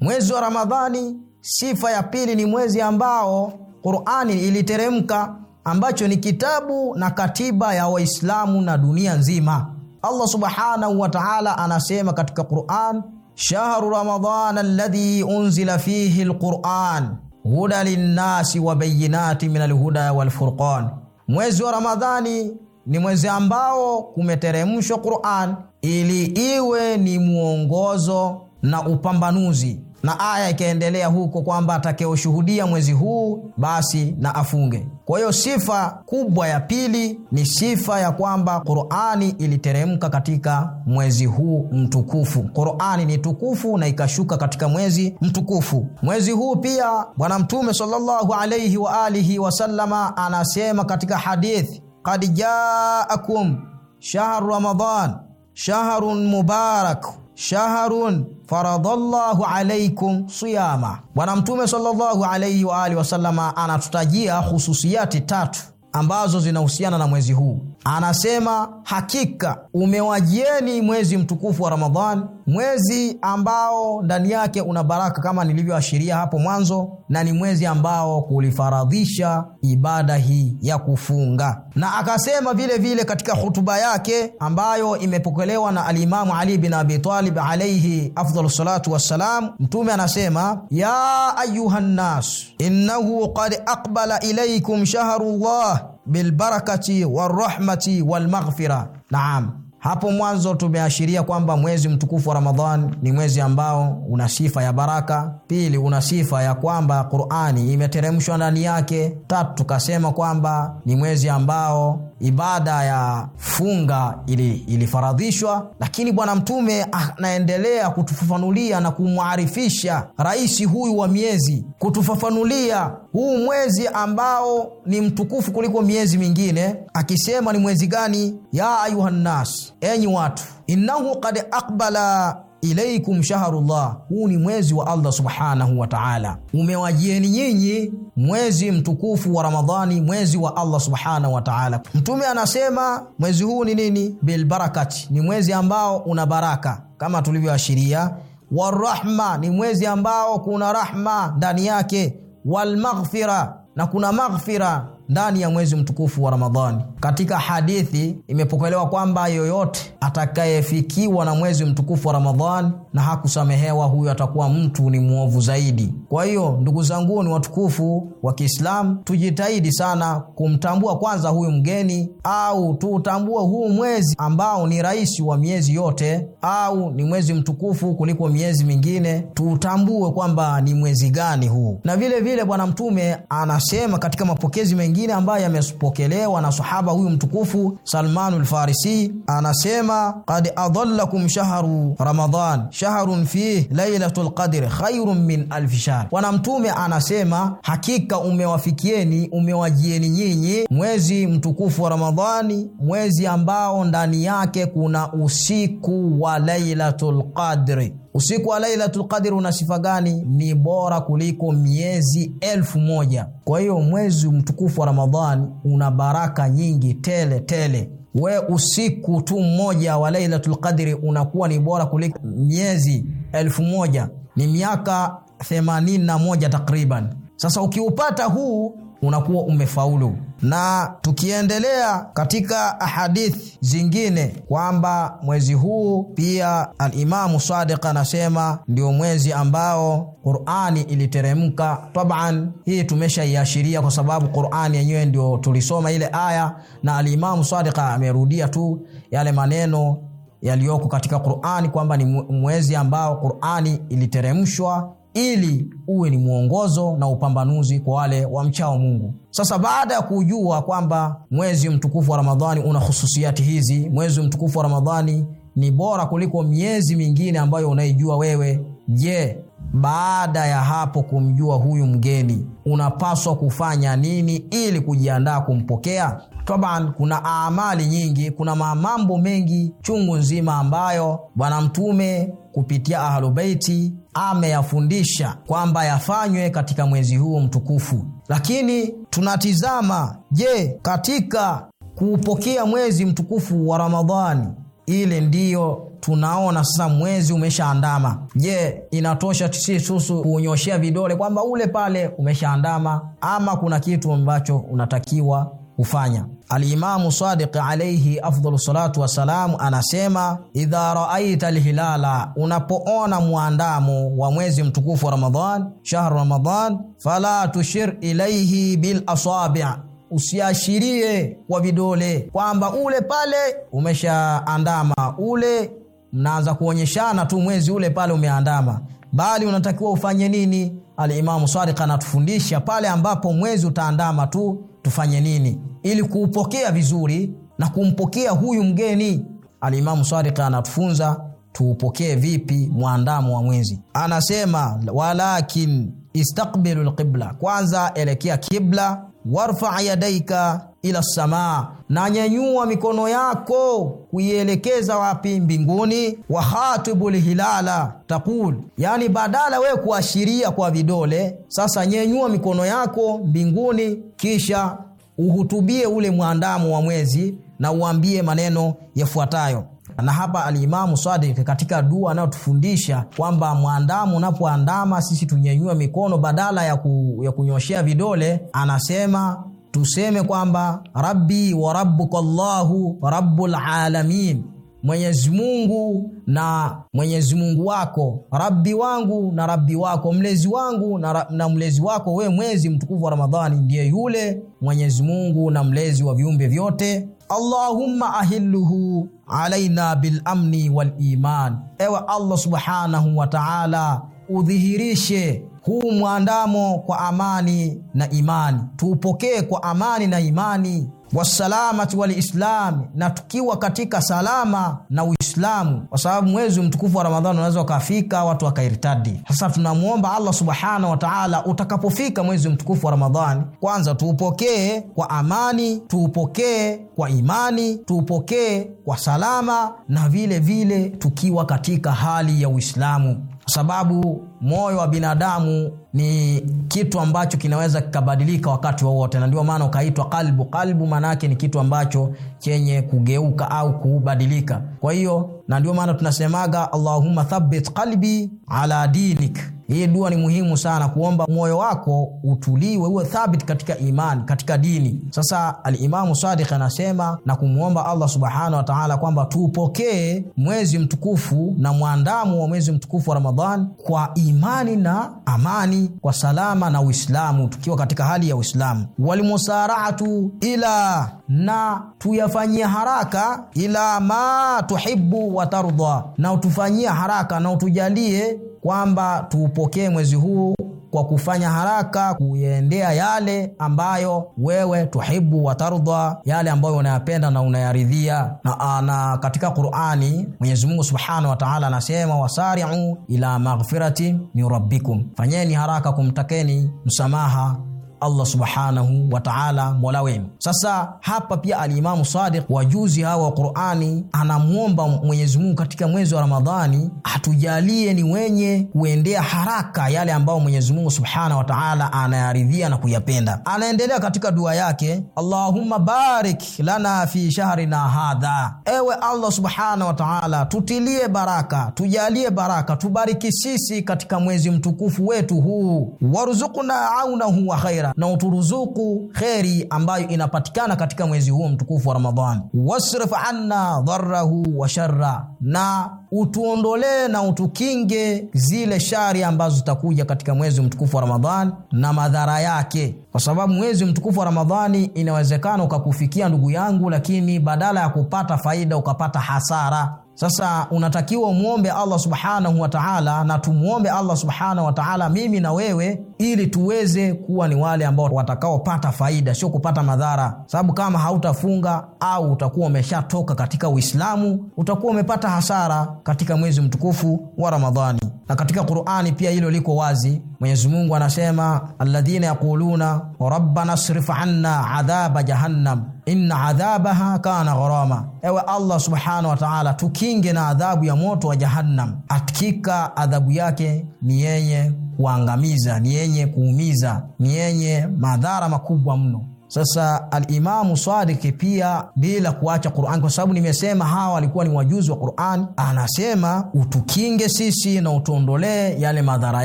S3: Mwezi wa Ramadhani, sifa ya pili ni mwezi ambao Qur'ani iliteremka, ambacho ni kitabu na katiba ya Waislamu na dunia nzima. Allah subhanahu wa ta'ala anasema katika Qur'an, shahru ramadhana alladhi unzila fihi lquran huda linnasi wa bayinati min alhuda walfurqan, mwezi wa Ramadhani ni mwezi ambao kumeteremshwa Qur'an ili iwe ni mwongozo na upambanuzi na aya ikaendelea huko kwamba atakayoshuhudia mwezi huu basi na afunge. Kwa hiyo sifa kubwa ya pili ni sifa ya kwamba Qur'ani iliteremka katika mwezi huu mtukufu. Qur'ani ni tukufu na ikashuka katika mwezi mtukufu. Mwezi huu pia Bwana Mtume sallallahu alayhi wa alihi wasallama anasema katika hadithi, qad jaakum shahru ramadan shahrun mubarak shaharun faradallahu alaikum siyama. Bwana Mtume sallallahu alaihi wa alihi wasallama anatutajia hususiyati tatu ambazo zinahusiana na mwezi huu anasema hakika umewajieni mwezi mtukufu wa ramadhan mwezi ambao ndani yake una baraka kama nilivyoashiria hapo mwanzo, na ni mwezi ambao kulifaradhisha ibada hii ya kufunga. Na akasema vile vile katika hutuba yake ambayo imepokelewa na alimamu Ali bin Abi Talib alayhi afdhalu salatu wassalam, Mtume anasema ya ayuha nnas innahu qad aqbala ilaykum shahrullah bilbarakati warahmati walmaghfira. Naam, hapo mwanzo tumeashiria kwamba mwezi mtukufu wa Ramadhan ni mwezi ambao una sifa ya baraka. Pili, una sifa ya kwamba Qur'ani imeteremshwa ndani yake. Tatu, tukasema kwamba ni mwezi ambao ibada ya funga ili, ilifaradhishwa lakini bwana mtume anaendelea kutufafanulia na kumwarifisha rais huyu wa miezi kutufafanulia huu mwezi ambao ni mtukufu kuliko miezi mingine akisema ni mwezi gani ya ayuhannas enyi watu innahu kad akbala ilaikum shahrullah, huu ni mwezi wa Allah subhanahu wa ta'ala, umewajieni nyinyi mwezi mtukufu wa Ramadhani, mwezi wa Allah subhanahu wa ta'ala. Mtume anasema mwezi huu ni nini? Bilbarakati, ni mwezi ambao una baraka kama tulivyoashiria. Warahma, ni mwezi ambao kuna rahma ndani yake. Walmaghfira, na kuna maghfira ndani ya mwezi mtukufu wa Ramadhani. Katika hadithi imepokelewa kwamba yoyote atakayefikiwa na mwezi mtukufu wa Ramadhani na hakusamehewa, huyo atakuwa mtu ni mwovu zaidi. Kwa hiyo ndugu zangu ni watukufu wa Kiislamu, tujitahidi sana kumtambua kwanza huyu mgeni, au tutambue huu mwezi ambao ni rais wa miezi yote, au ni mwezi mtukufu kuliko miezi mingine, tutambue kwamba ni mwezi gani huu. Na vile vile Bwana Mtume anasema katika mapokezi mengi mengine ambayo yamepokelewa na sahaba huyu mtukufu Salmanul Farisi anasema, qad adallakum shahru ramadan shahrun fi lailatul qadri khairun min alf shahr. Bwana Mtume anasema hakika umewafikieni umewajieni nyinyi mwezi mtukufu wa Ramadhani, mwezi ambao ndani yake kuna usiku wa lailatul qadri Usiku wa Lailatul Qadr una sifa gani? Ni bora kuliko miezi elfu moja. Kwa hiyo mwezi mtukufu wa Ramadhani una baraka nyingi tele tele. We usiku tu mmoja wa Lailatul Qadri unakuwa ni bora kuliko miezi elfu moja. Ni miaka 81 na moja takriban. Sasa ukiupata huu unakuwa umefaulu. Na tukiendelea katika ahadithi zingine kwamba mwezi huu pia Alimamu Sadiq anasema ndio mwezi ambao Qurani iliteremka. Taban, hii tumeshaiashiria kwa sababu Qurani yenyewe ndio tulisoma ile aya, na Alimamu Sadiq amerudia tu yale maneno yaliyoko katika Qurani kwamba ni mwezi ambao Qurani iliteremshwa ili uwe ni mwongozo na upambanuzi kwa wale wa mchao Mungu. Sasa baada ya kujua kwamba mwezi mtukufu wa Ramadhani una hususiati hizi, mwezi mtukufu wa Ramadhani ni bora kuliko miezi mingine ambayo unaijua wewe. Je, baada ya hapo kumjua huyu mgeni, unapaswa kufanya nini ili kujiandaa kumpokea? Taban, kuna amali nyingi, kuna mambo mengi chungu nzima ambayo Bwana Mtume kupitia Ahlubeiti ameyafundisha kwamba yafanywe katika mwezi huo mtukufu. Lakini tunatizama, je, katika kuupokea mwezi mtukufu wa Ramadhani, ile ndiyo tunaona sasa mwezi umeshaandama. Je, inatosha sisi susu kuunyoshea vidole kwamba ule pale umeshaandama, ama kuna kitu ambacho unatakiwa hufanya. Alimamu Sadiq alayhi afdalu salatu wassalam anasema, idha raaita alhilala, unapoona mwandamo wa mwezi mtukufu wa Ramadhan, shahru Ramadhan, fala tushir ilayhi bil asabi usiashirie kwa vidole kwamba ule pale umeshaandama, ule mnaanza kuonyeshana tu mwezi ule pale umeandama, bali unatakiwa ufanye nini? Alimamu Sadiq anatufundisha pale ambapo mwezi utaandama tu tufanye nini ili kuupokea vizuri na kumpokea huyu mgeni. Alimamu Sadiq anatufunza tuupokee vipi mwandamo wa mwezi. Anasema walakin istaqbilu lqibla, kwanza elekea kibla, warfa yadaika ila samaa, na nyanyua mikono yako kuielekeza wapi? Mbinguni. wa khatibu lhilala taqul, yani badala wewe kuashiria kwa vidole, sasa nyanyua mikono yako mbinguni, kisha uhutubie ule mwandamo wa mwezi na uambie maneno yafuatayo na hapa Alimamu sadik katika dua anayotufundisha kwamba mwandamu unapoandama, sisi tunyanyua mikono badala ya, ku, ya kunyoshea vidole, anasema tuseme kwamba rabbi wa rabbukallahu Allahu rabbul alamin, Mwenyezi Mungu na Mwenyezi Mungu wako, rabbi wangu na rabbi wako, mlezi wangu na, na mlezi wako. We mwezi mtukufu wa Ramadhani ndiye yule Mwenyezi Mungu na mlezi wa viumbe vyote. Allahumma ahilluhu alaina bil amni wal iman, ewe Allah subhanahu wa ta'ala, udhihirishe huu mwandamo kwa amani na imani, tuupokee kwa amani na imani wasalamati walislami, na tukiwa katika salama na Uislamu, kwa sababu mwezi mtukufu wa Ramadhani unaweza ukafika watu wakairtadi Sasa tunamwomba Allah subhanahu wa taala, utakapofika mwezi mtukufu wa Ramadhani, kwanza tuupokee kwa amani, tuupokee kwa imani, tuupokee kwa salama, na vile vile tukiwa katika hali ya Uislamu kwa sababu moyo wa binadamu ni kitu ambacho kinaweza kikabadilika wakati wowote wa na ndio maana ukaitwa kalbu kalbu maanaake ni kitu ambacho chenye kugeuka au kubadilika kwa hiyo na ndio maana tunasemaga allahuma thabit qalbi ala dinik hii dua ni muhimu sana kuomba, moyo wako utuliwe, uwe thabit katika imani, katika dini. Sasa Alimamu Sadiq anasema na kumwomba Allah subhanahu wa taala kwamba tuupokee mwezi mtukufu na mwandamo wa mwezi mtukufu wa Ramadhani kwa imani na amani, kwa salama na Uislamu, tukiwa katika hali ya Uislamu, walmusaraatu ila, na tuyafanyie haraka, ila ma tuhibbu wa tarda na utufanyie haraka na utujalie kwamba tuupokee mwezi huu kwa kufanya haraka kuyaendea yale ambayo wewe tuhibu watardha, yale ambayo unayapenda na unayaridhia. Na, ah, na katika Qur'ani Mwenyezi Mungu Subhanahu wa Ta'ala anasema wasari'u ila maghfirati min rabbikum, fanyeni haraka kumtakeni msamaha Allah subhanahu wa ta'ala mola wenu. Sasa hapa pia alimamu Sadiq wajuzi hawa wa Qur'ani anamwomba Mwenyezi Mungu katika mwezi wa Ramadhani atujalie ni wenye kuendea haraka yale ambayo Mwenyezi Mungu subhanahu wa ta'ala anayaridhia na kuyapenda. Anaendelea katika dua yake, Allahumma barik lana fi shahrina hadha, ewe Allah subhanahu wa ta'ala tutilie baraka, tujalie baraka, tubariki sisi katika mwezi mtukufu wetu huu, warzuqna aunahu wa khaira akhira na uturuzuku kheri ambayo inapatikana katika mwezi huo mtukufu wa Ramadhani. Wasrif anna dharrahu wa sharra, na utuondolee na utukinge zile shari ambazo zitakuja katika mwezi mtukufu wa Ramadhani na madhara yake, kwa sababu mwezi mtukufu wa Ramadhani inawezekana ukakufikia ndugu yangu, lakini badala ya kupata faida ukapata hasara. Sasa unatakiwa umwombe Allah subhanahu wa taala, na tumwombe Allah subhanahu wa taala, mimi na wewe, ili tuweze kuwa ni wale ambao watakaopata faida, sio kupata madhara. Sababu kama hautafunga au utakuwa umeshatoka katika Uislamu, utakuwa umepata hasara katika mwezi mtukufu wa Ramadhani na katika Qur'ani pia hilo liko wazi. Mwenyezi Mungu anasema alladhina yaquluna rabbana srif anna adhaba jahannam inna adhabaha kana gharama, ewe Allah subhanahu wa ta'ala, tukinge na adhabu ya moto wa jahannam, hakika adhabu yake ni yenye kuangamiza, ni yenye kuumiza, ni yenye madhara makubwa mno. Sasa alimamu Sadiki pia bila kuacha Qurani, kwa sababu nimesema hawa walikuwa ni wajuzi wa Qurani, anasema utukinge sisi na utuondolee yale madhara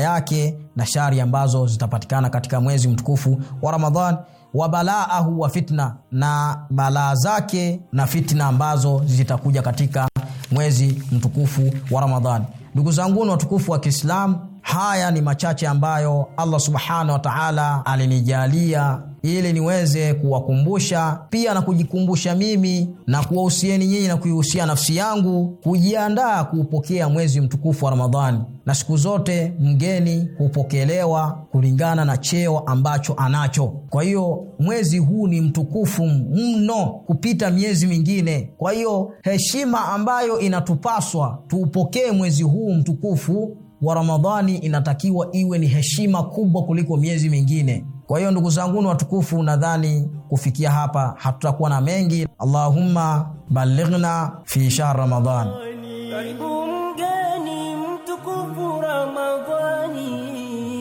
S3: yake na shari ambazo zitapatikana katika mwezi mtukufu wa Ramadhani wa balaahu wa fitna, na balaa zake na fitna ambazo zitakuja katika mwezi mtukufu wa Ramadhani. Ndugu zanguni watukufu wa Kiislamu, haya ni machache ambayo Allah subhanahu wa taala alinijalia ili niweze kuwakumbusha pia na kujikumbusha mimi na kuwahusieni nyinyi na kuihusia nafsi yangu kujiandaa kuupokea mwezi mtukufu wa Ramadhani. Na siku zote mgeni hupokelewa kulingana na cheo ambacho anacho. Kwa hiyo mwezi huu ni mtukufu mno kupita miezi mingine. Kwa hiyo heshima ambayo inatupaswa tuupokee mwezi huu mtukufu wa Ramadhani inatakiwa iwe ni heshima kubwa kuliko miezi mingine kwa hiyo ndugu zangu ni watukufu nadhani kufikia hapa hatutakuwa na mengi allahumma balighna fi shahr ramadan
S5: karibu mgeni mtukufu ramadhani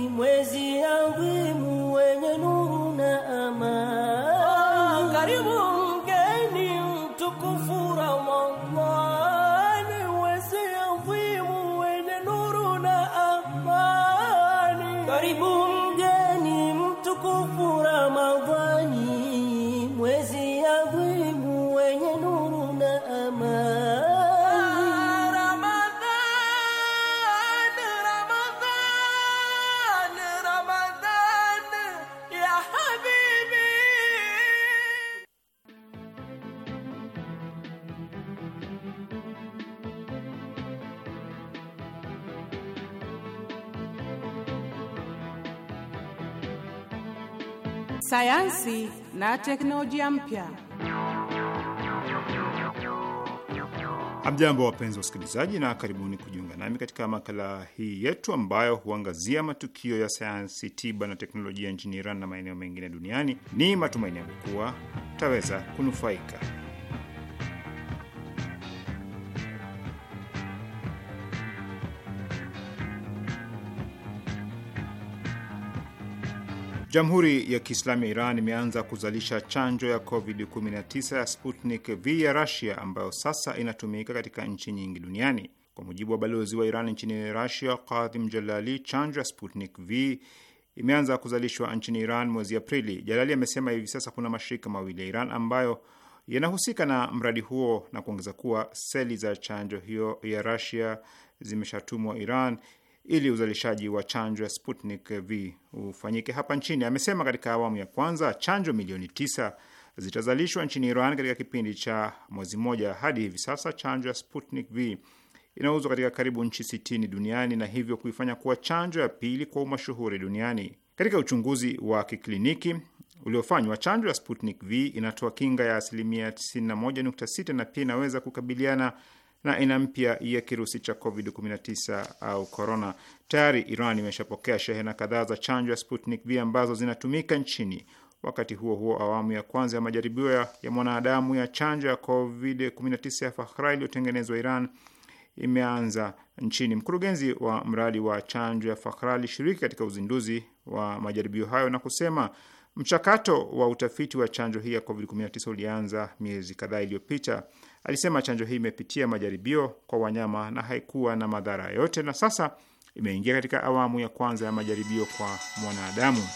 S5: mwezi adhimu wenye nuru na amani karibu
S2: sayansi na teknolojia mpya.
S1: Hamjambo, wapenzi wa usikilizaji, na karibuni kujiunga nami katika makala hii yetu ambayo huangazia matukio ya sayansi, tiba na teknolojia nchini Iran na maeneo mengine duniani. Ni matumaini yangu kuwa taweza kunufaika. Jamhuri ya Kiislamu ya Iran imeanza kuzalisha chanjo ya COVID-19 ya Sputnik V ya rasia ambayo sasa inatumika katika nchi nyingi duniani. Kwa mujibu wa balozi wa Iran nchini rasia Kadhim Jalali, chanjo ya Sputnik V imeanza kuzalishwa nchini Iran mwezi Aprili. Jalali amesema hivi sasa kuna mashirika mawili ya Iran ambayo yanahusika na mradi huo na kuongeza kuwa seli za chanjo hiyo ya rasia zimeshatumwa Iran ili uzalishaji wa chanjo ya Sputnik V ufanyike hapa nchini. Amesema katika awamu ya kwanza chanjo milioni tisa zitazalishwa nchini Iran katika kipindi cha mwezi mmoja. Hadi hivi sasa chanjo ya Sputnik V inauzwa katika karibu nchi sitini duniani na hivyo kuifanya kuwa chanjo ya pili kwa umashuhuri duniani. Katika uchunguzi wa kikliniki uliofanywa, chanjo ya Sputnik V inatoa kinga ya asilimia 91.6 na pia inaweza kukabiliana na aina mpya ya kirusi cha COVID-19 au corona. Tayari Iran imeshapokea shehena kadhaa za chanjo ya Sputnik V ambazo zinatumika nchini. Wakati huo huo, awamu ya kwanza ya majaribio ya, ya mwanadamu ya chanjo ya COVID-19 ya Fakhra iliyotengenezwa Iran imeanza nchini. Mkurugenzi wa mradi wa chanjo ya Fakhra alishiriki katika uzinduzi wa majaribio hayo na kusema mchakato wa utafiti wa chanjo hii ya COVID-19 ulianza miezi kadhaa iliyopita. Alisema chanjo hii imepitia majaribio kwa wanyama na haikuwa na madhara yoyote, na sasa imeingia katika awamu ya kwanza ya majaribio kwa mwanadamu.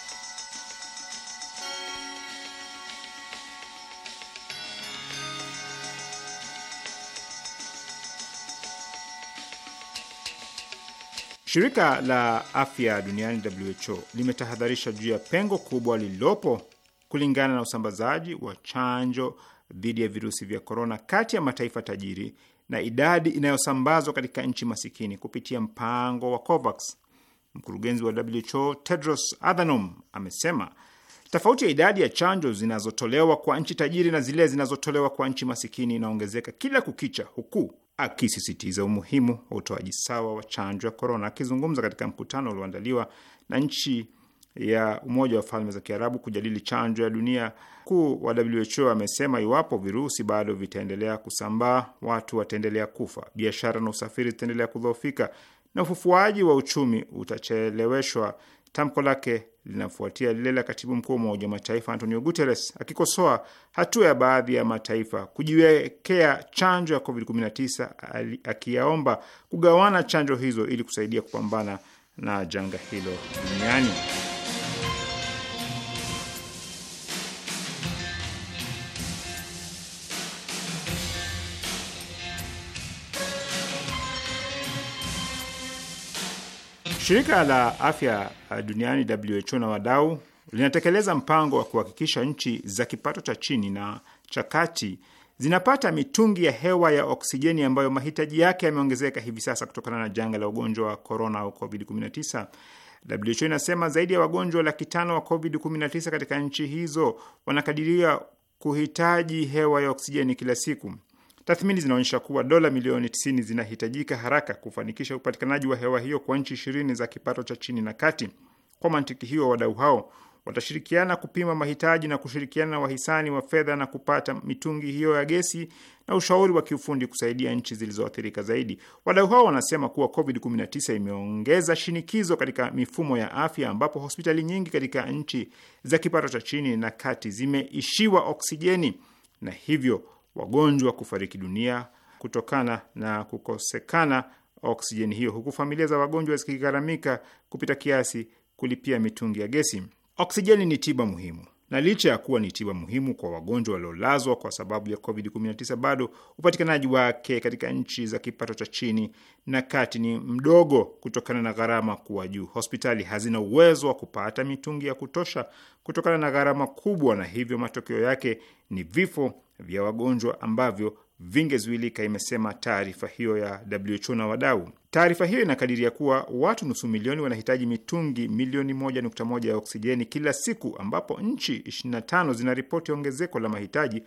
S1: Shirika la afya duniani WHO limetahadharisha juu ya pengo kubwa lililopo kulingana na usambazaji wa chanjo dhidi ya virusi vya korona kati ya mataifa tajiri na idadi inayosambazwa katika nchi masikini kupitia mpango wa COVAX. Mkurugenzi wa WHO Tedros Adhanom amesema tofauti ya idadi ya chanjo zinazotolewa kwa nchi tajiri na zile zinazotolewa kwa nchi masikini inaongezeka kila kukicha, huku akisisitiza umuhimu wa utoaji sawa wa chanjo ya korona. Akizungumza katika mkutano ulioandaliwa na nchi ya Umoja wa Falme za Kiarabu kujadili chanjo ya dunia. Mkuu wa WHO amesema iwapo virusi bado vitaendelea kusambaa, watu wataendelea kufa, biashara na usafiri zitaendelea kudhoofika na ufufuaji wa uchumi utacheleweshwa. Tamko lake linafuatia lile la katibu mkuu wa Umoja wa Mataifa Antonio Guterres akikosoa hatua ya baadhi ya mataifa kujiwekea chanjo ya COVID-19, akiyaomba kugawana chanjo hizo ili kusaidia kupambana na janga hilo duniani. Shirika la afya uh, duniani WHO na wadau linatekeleza mpango wa kuhakikisha nchi za kipato cha chini na cha kati zinapata mitungi ya hewa ya oksijeni ambayo mahitaji yake yameongezeka hivi sasa kutokana na janga la ugonjwa wa korona au COVID-19. WHO inasema zaidi ya wagonjwa laki tano wa COVID-19 katika nchi hizo wanakadiria kuhitaji hewa ya oksijeni kila siku. Tathmini zinaonyesha kuwa dola milioni 90 zinahitajika haraka kufanikisha upatikanaji wa hewa hiyo kwa nchi ishirini za kipato cha chini na kati. Kwa mantiki hiyo, wadau hao watashirikiana kupima mahitaji na kushirikiana na wahisani wa fedha na kupata mitungi hiyo ya gesi na ushauri wa kiufundi kusaidia nchi zilizoathirika zaidi. Wadau hao wanasema kuwa COVID-19 imeongeza shinikizo katika mifumo ya afya, ambapo hospitali nyingi katika nchi za kipato cha chini na kati zimeishiwa oksijeni na hivyo wagonjwa kufariki dunia kutokana na kukosekana oksijeni hiyo, huku familia za wagonjwa zikigharamika kupita kiasi kulipia mitungi ya gesi. Oksijeni ni tiba muhimu na licha ya kuwa ni tiba muhimu kwa wagonjwa waliolazwa kwa sababu ya COVID-19, bado upatikanaji wake katika nchi za kipato cha chini na kati ni mdogo kutokana na gharama kuwa juu. Hospitali hazina uwezo wa kupata mitungi ya kutosha kutokana na gharama kubwa, na hivyo matokeo yake ni vifo vya wagonjwa ambavyo vingezuilika, imesema taarifa hiyo ya WHO na wadau. Taarifa hiyo inakadiria kuwa watu nusu milioni wanahitaji mitungi milioni moja nukta moja ya oksijeni kila siku, ambapo nchi 25 zinaripoti ongezeko la mahitaji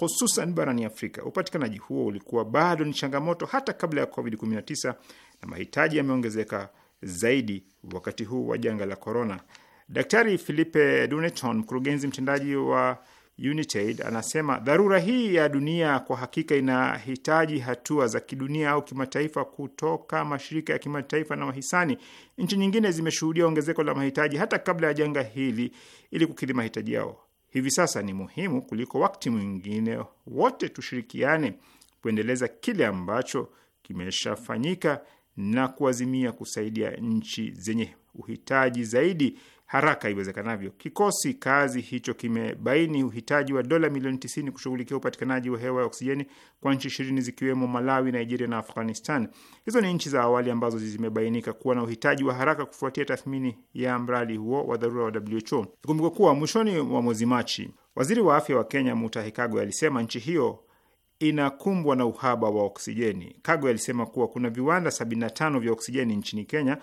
S1: hususan barani Afrika. Upatikanaji huo ulikuwa bado ni changamoto hata kabla ya COVID-19 na mahitaji yameongezeka zaidi wakati huu wa janga la korona. Daktari Philippe Duneton, mkurugenzi mtendaji wa United anasema dharura hii ya dunia kwa hakika inahitaji hatua za kidunia au kimataifa kutoka mashirika ya kimataifa na wahisani. Nchi nyingine zimeshuhudia ongezeko la mahitaji hata kabla ya janga hili, ili kukidhi mahitaji yao. Hivi sasa ni muhimu kuliko wakati mwingine wote, tushirikiane kuendeleza kile ambacho kimeshafanyika na kuazimia kusaidia nchi zenye uhitaji zaidi haraka iwezekanavyo. Kikosi kazi hicho kimebaini uhitaji wa dola milioni 90 kushughulikia upatikanaji wa hewa ya oksijeni kwa nchi ishirini zikiwemo Malawi, Nigeria na Afghanistan. Hizo ni nchi za awali ambazo zimebainika kuwa na uhitaji wa haraka kufuatia tathmini ya mradi huo wa dharura wa WHO. Ikumbuka kuwa mwishoni mwa mwezi Machi, waziri wa afya wa Kenya Mutahi Kagwe alisema nchi hiyo inakumbwa na uhaba wa oksijeni. Kagwe alisema kuwa kuna viwanda 75 vya oksijeni nchini Kenya,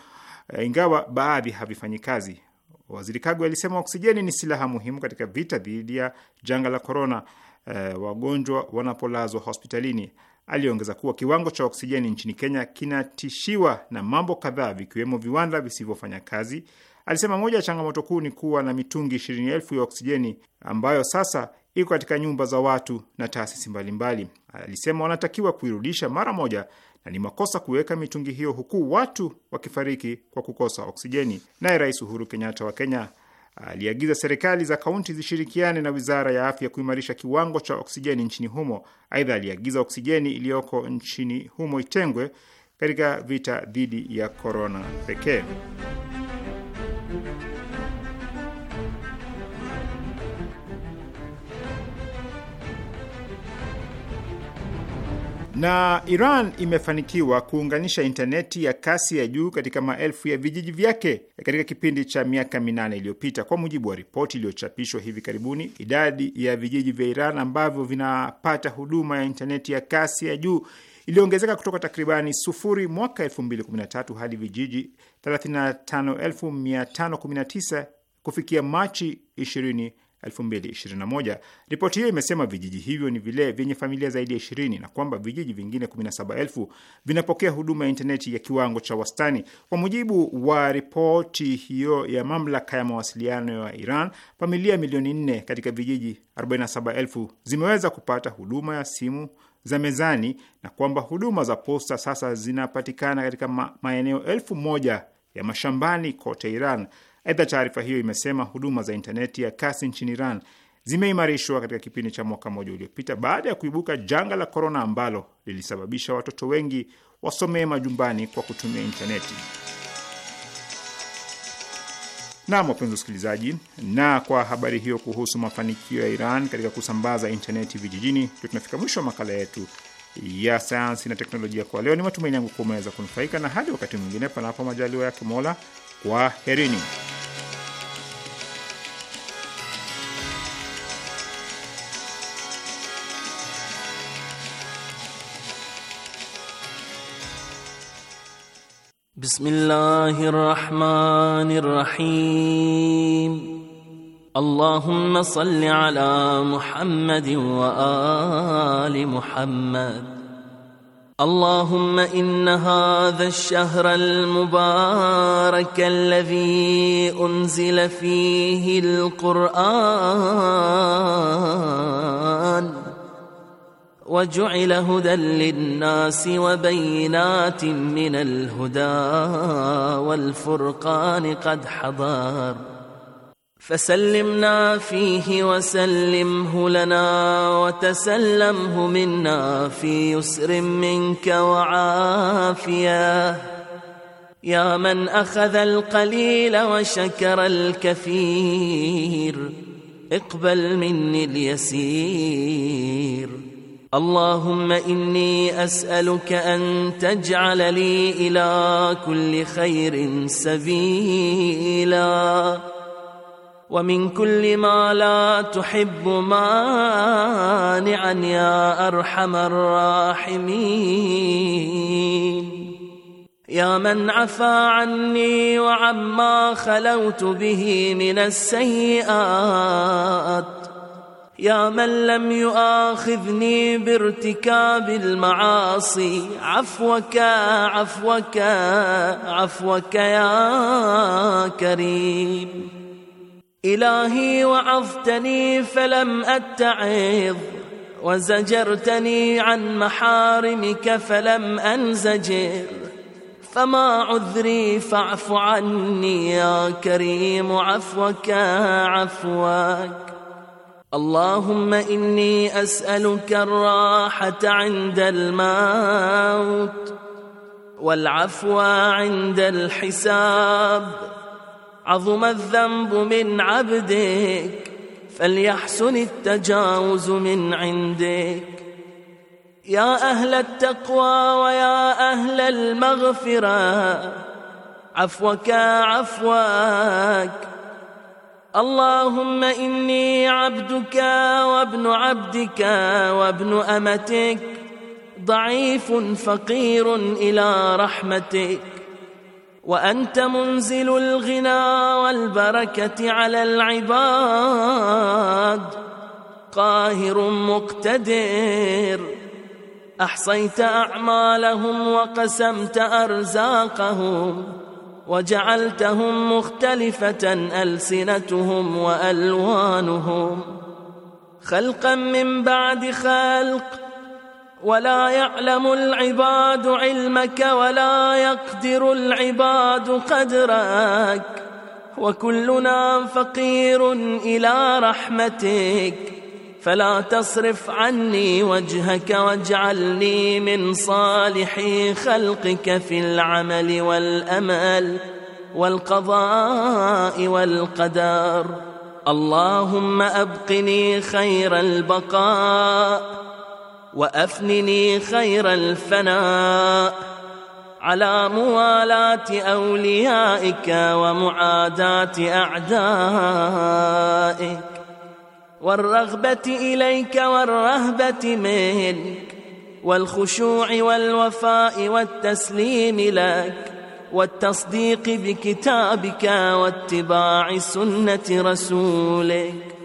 S1: eh, ingawa baadhi havifanyi kazi. Waziri Kagwe alisema oksijeni ni silaha muhimu katika vita dhidi ya janga la korona, e, eh, wagonjwa wanapolazwa hospitalini. Aliongeza kuwa kiwango cha oksijeni nchini Kenya kinatishiwa na mambo kadhaa, vikiwemo viwanda visivyofanya kazi. Alisema moja ya changamoto kuu ni kuwa na mitungi ishirini elfu ya oksijeni ambayo sasa iko katika nyumba za watu na taasisi mbalimbali. Alisema wanatakiwa kuirudisha mara moja na ni makosa kuweka mitungi hiyo huku watu wakifariki kwa kukosa oksijeni. Naye Rais Uhuru Kenyatta wa Kenya aliagiza serikali za kaunti zishirikiane na wizara ya afya kuimarisha kiwango cha oksijeni nchini humo. Aidha, aliagiza oksijeni iliyoko nchini humo itengwe katika vita dhidi ya korona pekee. na Iran imefanikiwa kuunganisha intaneti ya kasi ya juu katika maelfu ya vijiji vyake katika kipindi cha miaka minane iliyopita. Kwa mujibu wa ripoti iliyochapishwa hivi karibuni, idadi ya vijiji vya Iran ambavyo vinapata huduma ya intaneti ya kasi ya juu iliongezeka kutoka takribani sufuri mwaka 2013 hadi vijiji 35519 kufikia Machi 2021. Ripoti hiyo imesema vijiji hivyo ni vile vyenye familia zaidi ya 20 na kwamba vijiji vingine 17,000 vinapokea huduma ya intaneti ya kiwango cha wastani. Kwa mujibu wa ripoti hiyo ya mamlaka ya mawasiliano ya Iran, familia milioni 4 katika vijiji 47,000 zimeweza kupata huduma ya simu za mezani na kwamba huduma za posta sasa zinapatikana katika ma maeneo elfu moja ya mashambani kote Iran. Aidha, taarifa hiyo imesema huduma za intaneti ya kasi nchini Iran zimeimarishwa katika kipindi cha mwaka mmoja uliopita baada ya kuibuka janga la korona ambalo lilisababisha watoto wengi wasomee majumbani kwa kutumia intaneti. Nam, wapenzi wasikilizaji, na kwa habari hiyo kuhusu mafanikio ya Iran katika kusambaza intaneti vijijini, ndio tunafika mwisho wa makala yetu ya sayansi na teknolojia kwa leo. Ni matumaini yangu kuwa umeweza kunufaika, na hadi wakati mwingine, panapo majaliwa yake Mola. Kwaherini.
S5: بسم الله الرحمن الرحيم اللهم صل على محمد وآل محمد اللهم إن هذا الشهر المبارك الذي أنزل فيه القرآن وجعل هدى للناس وبينات من الهدى والفرقان قد حضر فسلمنا فيه وسلمه لنا وتسلمه منا في يسر منك وعافيه يا من اخذ القليل وشكر الكثير اقبل مني اليسير اللهم اني اسالك ان تجعل لي الى كل خير سبيلا ومن كل ما لا تحب مانعا يا ارحم الراحمين يا من عفا عني وعما خلوت به من السيئات يا من لم يؤاخذني بارتكاب المعاصي عفوك عفوك عفوك يا كريم إلهي وعظتني فلم أتعظ وزجرتني عن محارمك فلم أنزجر فما عذري فاعف عني يا كريم عفوك عفوك اللهم إني أسألك الراحة عند الموت والعفو عند الحساب عظم الذنب من عبدك فليحسن التجاوز من عندك يا أهل التقوى ويا أهل المغفرة عفوك عفوك اللهم إني عبدك وابن عبدك وابن أمتك ضعيف فقير إلى رحمتك وأنت منزل الغنى والبركة على العباد قاهر مقتدر أحصيت أعمالهم وقسمت أرزاقهم وجعلتهم مختلفة ألسنتهم وألوانهم خلقا من بعد خلق ولا يعلم العباد علمك ولا يقدر العباد قدرك وكلنا فقير الى رحمتك فلا تصرف عني وجهك واجعلني من صالحي خلقك في العمل والامل والقضاء والقدر اللهم ابقني خير البقاء وافنني خير الفناء على موالاه اوليائك ومعاداه اعدائك والرغبه اليك والرهبه منك والخشوع والوفاء والتسليم لك والتصديق بكتابك واتباع سنه رسولك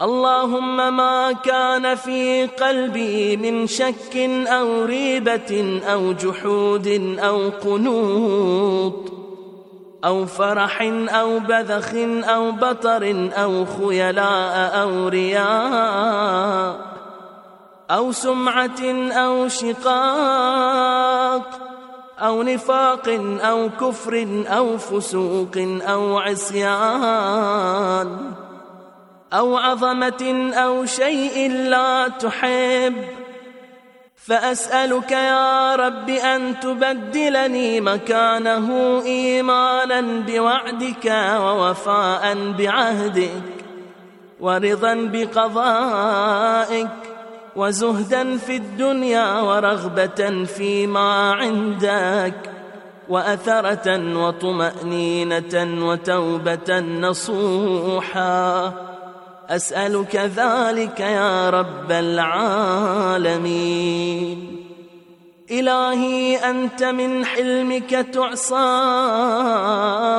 S5: اللهم ما كان في قلبي من شك أو ريبة أو جحود أو قنوط أو فرح أو بذخ أو بطر أو خيلاء أو رياء أو سمعة أو شقاق أو نفاق أو كفر أو فسوق أو عصيان أو عظمة أو شيء لا تحب فأسألك يا رب أن تبدلني مكانه إيمانا بوعدك ووفاء بعهدك ورضا بقضائك وزهدا في الدنيا ورغبة فيما عندك وأثرة وطمأنينة وتوبة نصوحاً أسألك ذلك يا رب العالمين إلهي أنت من حلمك تعصى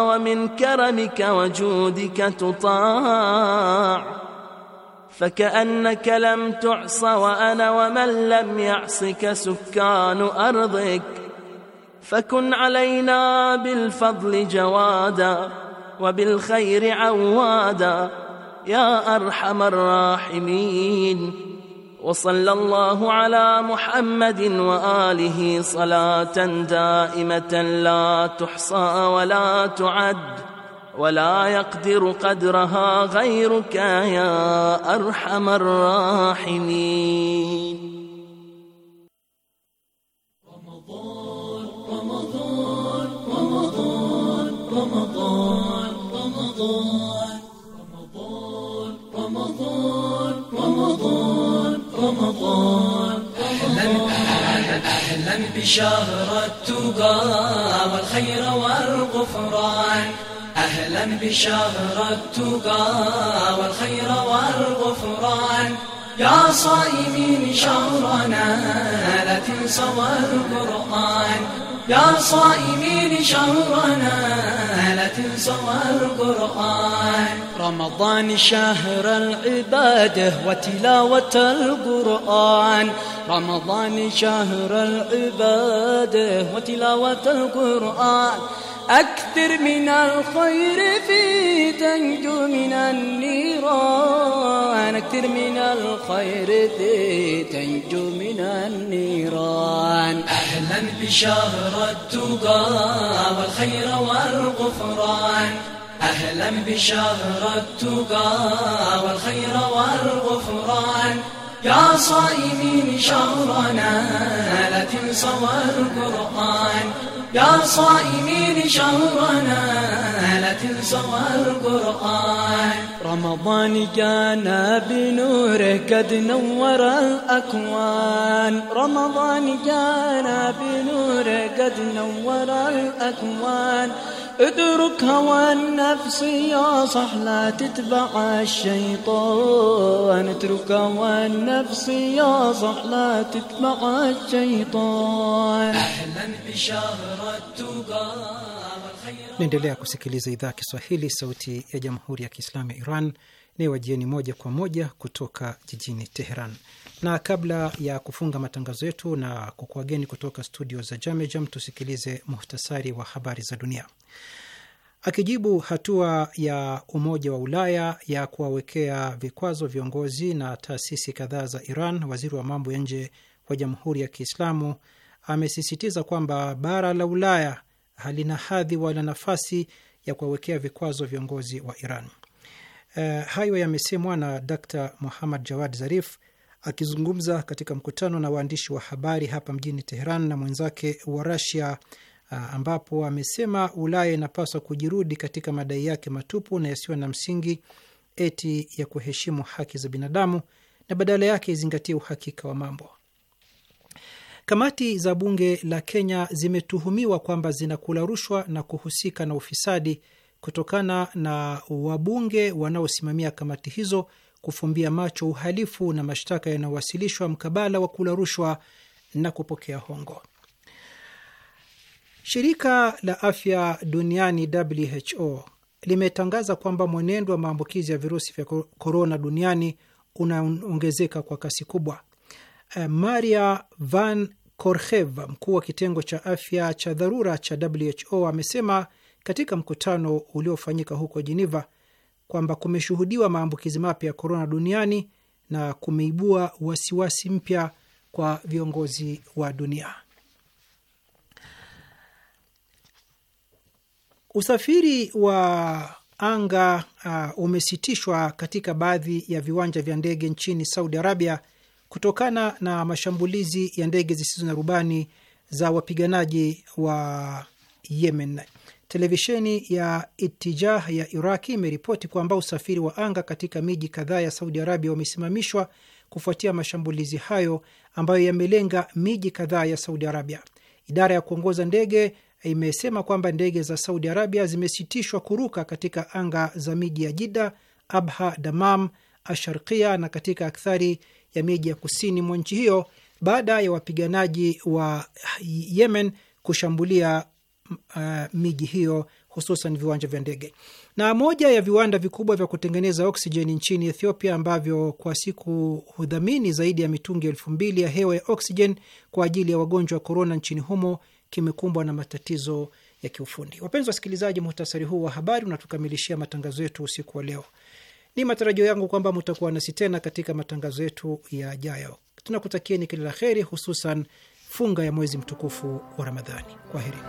S5: ومن كرمك وجودك تطاع فكأنك لم تعص وأنا ومن لم يعصك سكان أرضك فكن علينا بالفضل جوادا وبالخير عوادا يا أرحم الراحمين وصلى الله على محمد وآله صلاة دائمة لا تحصى ولا تعد ولا يقدر قدرها غيرك يا أرحم الراحمين رمضان
S6: أهلا بشهر التقى والخير والغفران أهلا بشهر التقى والخير والغفران يا صائمين شهرنا لا تنسوا القرآن يا صائمين شهرنا لا سوى القرآن رمضان شهر العبادة وتلاوة القرآن رمضان شهر العبادة وتلاوة القرآن أكثر من الخير في تنجو من النيران أكثر من الخير في تنجو من النيران أهلا بشهر التقى والخير والغفران أهلا بشهر التقى والخير والغفران يا صائمين شهرنا لا تنسوا القرآن يا صائمين شهرنا لا تنسوا القرآن رمضان جانا بنوره قد نور الأكوان رمضان جانا بنوره قد نور الأكوان ادرك هوى النفس يا صح لا تتبع الشيطان اترك هوى النفس يا صح لا تتبع
S4: الشيطان اهلا
S6: بشهر التقى
S4: Naendelea kusikiliza idhaa ya Kiswahili, sauti ya jamhuri ya kiislamu ya Iran ni wajieni moja kwa moja kutoka jijini Teheran. Na kabla ya kufunga matangazo yetu na kukuageni kutoka studio za Jamejam, tusikilize muhtasari wa habari za dunia. Akijibu hatua ya Umoja wa Ulaya ya kuwawekea vikwazo viongozi na taasisi kadhaa za Iran, waziri wa mambo ya nje wa Jamhuri ya Kiislamu amesisitiza kwamba bara la Ulaya halina hadhi wala nafasi ya kuwawekea vikwazo viongozi wa Iran. Uh, hayo yamesemwa na Dr. Muhammad Jawad Zarif akizungumza katika mkutano na waandishi wa habari hapa mjini Teheran na mwenzake wa rasia Ah, ambapo amesema Ulaya inapaswa kujirudi katika madai yake matupu na yasiyo na msingi eti ya kuheshimu haki za binadamu na badala yake izingatie uhakika wa mambo. Kamati za bunge la Kenya zimetuhumiwa kwamba zinakula rushwa na kuhusika na ufisadi kutokana na wabunge wanaosimamia kamati hizo kufumbia macho uhalifu na mashtaka yanayowasilishwa mkabala wa kula rushwa na kupokea hongo. Shirika la afya duniani WHO limetangaza kwamba mwenendo wa maambukizi ya virusi vya korona duniani unaongezeka kwa kasi kubwa. Eh, Maria Van korhev mkuu wa kitengo cha afya cha dharura cha WHO, amesema katika mkutano uliofanyika huko Jeneva kwamba kumeshuhudiwa maambukizi mapya ya korona duniani na kumeibua wasiwasi mpya kwa viongozi wa dunia. Usafiri wa anga uh, umesitishwa katika baadhi ya viwanja vya ndege nchini Saudi Arabia kutokana na mashambulizi ya ndege zisizo na rubani za wapiganaji wa Yemen. Televisheni ya Itijah ya Iraki imeripoti kwamba usafiri wa anga katika miji kadhaa ya Saudi Arabia umesimamishwa kufuatia mashambulizi hayo ambayo yamelenga miji kadhaa ya Saudi Arabia. Idara ya kuongoza ndege imesema kwamba ndege za Saudi Arabia zimesitishwa kuruka katika anga za miji ya Jida, Abha, Damam, Asharkia na katika akthari ya miji ya kusini mwa nchi hiyo baada ya wapiganaji wa Yemen kushambulia uh, miji hiyo hususan viwanja vya ndege. Na moja ya viwanda vikubwa vya kutengeneza oksijeni nchini Ethiopia ambavyo kwa siku hudhamini zaidi ya mitungi elfu mbili ya hewa ya oksijeni kwa ajili ya wagonjwa wa korona nchini humo kimekumbwa na matatizo ya kiufundi. Wapenzi wasikilizaji, muhtasari huu wa habari unatukamilishia matangazo yetu usiku wa leo. Ni matarajio yangu kwamba mutakuwa nasi tena katika matangazo yetu yajayo. Tunakutakieni kila la heri, hususan funga ya mwezi mtukufu wa Ramadhani. Kwaherini.